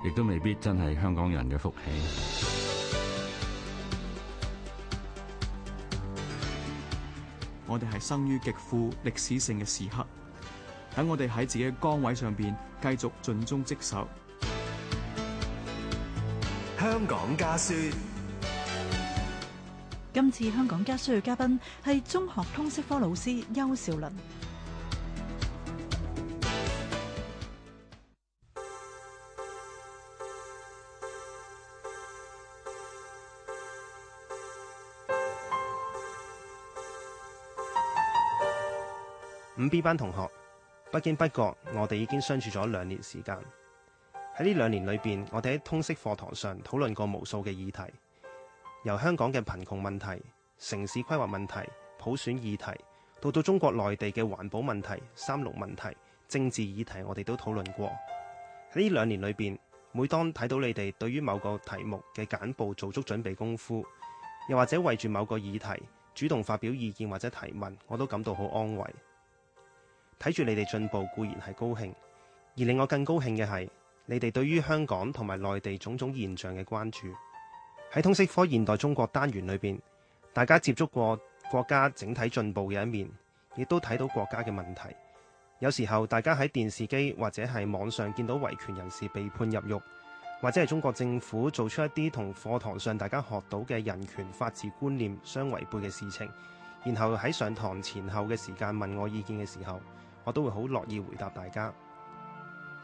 亦都未必真係香港人嘅福氣。我哋係生於極富歷史性嘅時刻，等我哋喺自己嘅崗位上邊繼續盡忠職守。香港家書， 今次香港家書嘅嘉賓係中學通識科老師邱兆麟。五 B 班同學，不經不覺，我哋已經相處咗兩年時間。喺呢兩年裏邊，我哋喺通識課堂上討論過無數嘅議題，由香港嘅貧窮問題、城市規劃問題、普選議題，到到中國內地嘅環保問題、三農問題、政治議題，我哋都討論過。喺呢兩年裏邊，每當睇到你哋對於某個題目嘅簡報做足準備功夫，又或者為住某個議題主動發表意見或者提問，我都感到好安慰。睇住你哋進步固然係高興，而令我更高興嘅係你哋對於香港同埋內地種種現象嘅關注。喺通識科現代中國單元裏邊，大家接觸過國家整體進步嘅一面，亦都睇到國家嘅問題。有時候大家喺電視機或者係網上見到維權人士被判入獄，或者係中國政府做出一啲同課堂上大家學到嘅人權法治觀念相違背嘅事情，然後喺上堂前後嘅時間問我意見嘅時候，我都會好樂意回答大家。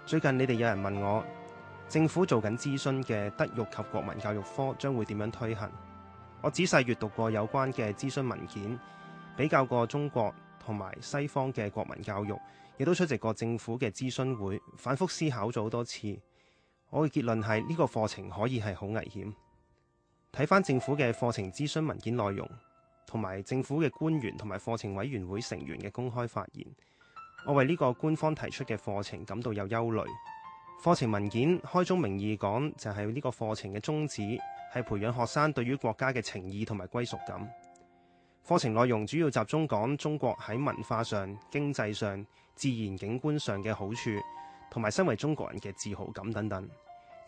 最近你哋有人問我，政府做緊諮詢嘅德育及國民教育科將會點樣推行？我仔細閱讀過有關嘅諮詢文件，比較過中國同埋西方嘅國民教育，亦都出席過政府嘅諮詢會，反覆思考咗好多次。我嘅結論係呢個課程可以係好危險，睇翻政府嘅課程諮詢文件內容，同埋政府嘅官員同埋課程委員會成員嘅公開發言。我為呢個官方提出嘅課程感到有憂慮。課程文件開宗明義講，就係呢個課程嘅宗旨係培養學生對於國家嘅情意同埋歸屬感。課程內容主要集中講中國喺文化上、經濟上、自然景觀上嘅好處，同埋身為中國人嘅自豪感等等。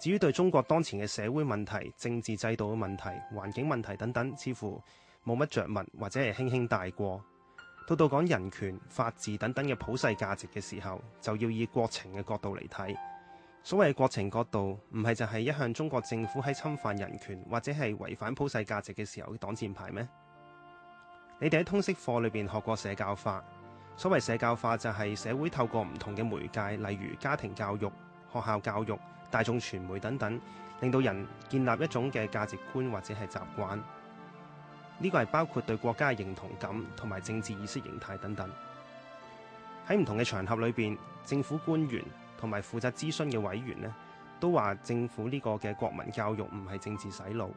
至於對中國當前嘅社會問題、政治制度嘅問題、環境問題等等，似乎冇乜着墨，或者係輕輕帶過。到到講人權、法治等等嘅普世價值嘅時候，就要以國情嘅角度嚟睇。所謂嘅國情角度，唔係就係一向中國政府喺侵犯人權或者係違反普世價值嘅時候嘅擋箭牌咩？你哋喺通識課裏邊學過社教化。所謂社教化，就係社會透過唔同嘅媒介，例如家庭教育、學校教育、大眾傳媒等等，令到人建立一種嘅價值觀或者係習慣。呢個係包括對國家嘅認同感同埋政治意識形態等等。喺唔同嘅場合裏邊，政府官員同埋負責諮詢嘅委員呢都話政府呢個嘅國民教育唔係政治洗腦，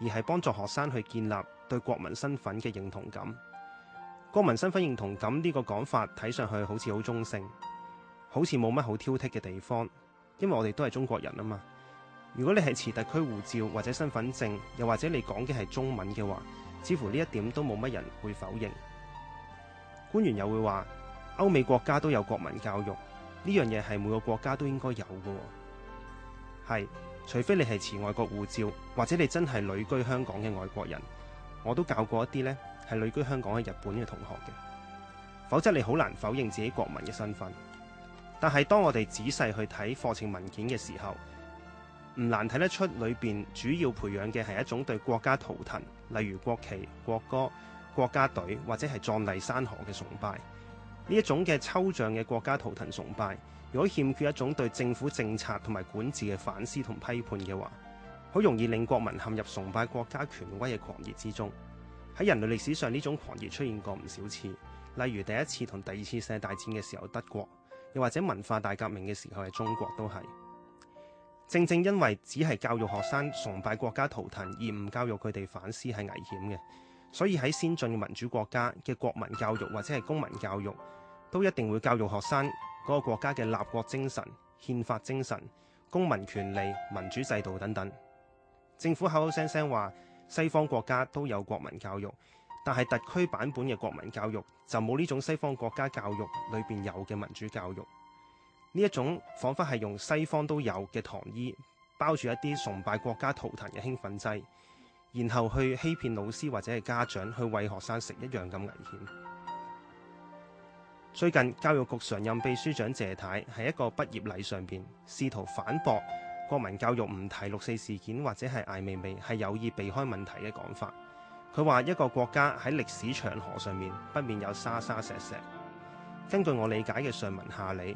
而係幫助學生去建立對國民身份嘅認同感。國民身份認同感呢個講法睇上去好似好中性，好似冇乜好挑剔嘅地方，因為我哋都係中國人啊嘛。如果你係持特區護照或者身份證，又或者你講嘅係中文嘅話，似乎呢一點都冇乜人會否認。官員又會話歐美國家都有國民教育呢樣嘢，係每個國家都應該有嘅。係除非你係持外國護照，或者你真係旅居香港嘅外國人，我都教過一啲呢係旅居香港喺日本嘅同學嘅，否則你好難否認自己國民嘅身份。但係當我哋仔細去睇課程文件嘅時候，唔難睇得出裏邊主要培養嘅係一種對國家圖騰，例如國旗、國歌、國家隊或者係壯麗山河嘅崇拜。呢一種嘅抽象嘅國家圖騰崇拜，如果欠缺一種對政府政策同埋管治嘅反思同批判嘅話，好容易令國民陷入崇拜國家權威嘅狂熱之中。喺人類歷史上呢種狂熱出現過唔少次，例如第一次同第二次世界大戰嘅時候，德國；又或者文化大革命嘅時候，係中國都係。正正因為只係教育學生崇拜國家圖騰，而唔教育佢哋反思係危險嘅，所以喺先進民主國家嘅國民教育或者係公民教育，都一定會教育學生嗰個國家嘅立國精神、憲法精神、公民權利、民主制度等等。政府口口聲聲話西方國家都有國民教育，但係特區版本嘅國民教育就冇呢種西方國家教育裏邊有嘅民主教育。呢一種彷彿係用西方都有嘅糖衣包住一啲崇拜國家圖騰嘅興奮劑，然後去欺騙老師或者係家長去餵學生食一樣咁危險。最近教育局常任秘書長謝太喺一個畢業禮上邊試圖反駁國民教育唔提六四事件或者係艾未未係有意避開問題嘅講法。佢話一個國家喺歷史長河上面不免有沙沙石石。根據我理解嘅上文下理。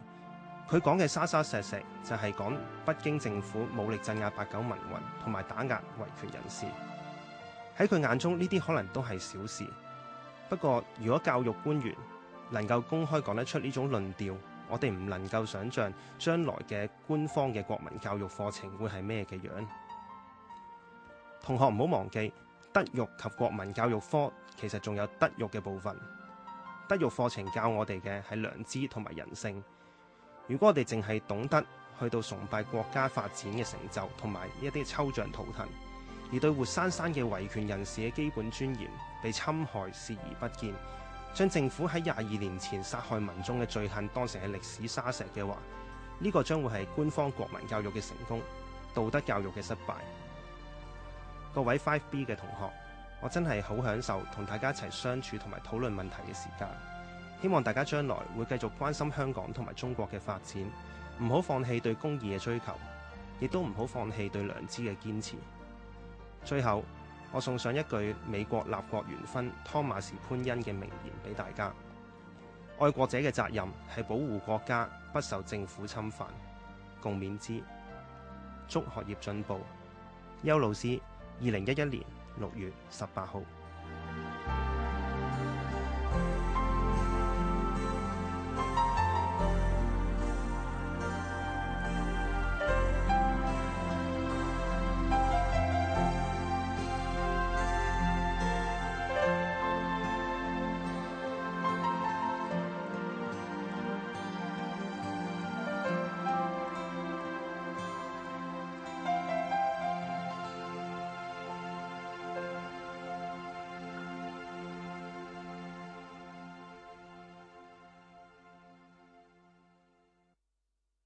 佢講嘅沙沙石石就係講北京政府武力鎮壓八九民運同埋打壓維權人士。喺佢眼中，呢啲可能都係小事。不過，如果教育官員能夠公開講得出呢種論調，我哋唔能夠想象將來嘅官方嘅國民教育課程會係咩嘅樣。同學唔好忘記，德育及國民教育科其實仲有德育嘅部分。德育課程教我哋嘅係良知同埋人性。如果我哋淨係懂得去到崇拜國家發展嘅成就，同埋呢一啲抽象圖騰，而對活生生嘅維權人士嘅基本尊嚴被侵害視而不見，將政府喺廿二年前殺害民眾嘅罪行當成係歷史沙石嘅話，呢、這個將會係官方國民教育嘅成功，道德教育嘅失敗。各位 Five B 嘅同學，我真係好享受同大家一齊相處同埋討論問題嘅時間。希望大家將來會繼續關心香港同埋中國嘅發展，唔好放棄對公義嘅追求，亦都唔好放棄對良知嘅堅持。最後，我送上一句美國立國元勳湯馬士潘恩嘅名言俾大家：「愛國者嘅責任係保護國家，不受政府侵犯。」共勉之。祝學業進步，邱老師，二零一一年六月十八號。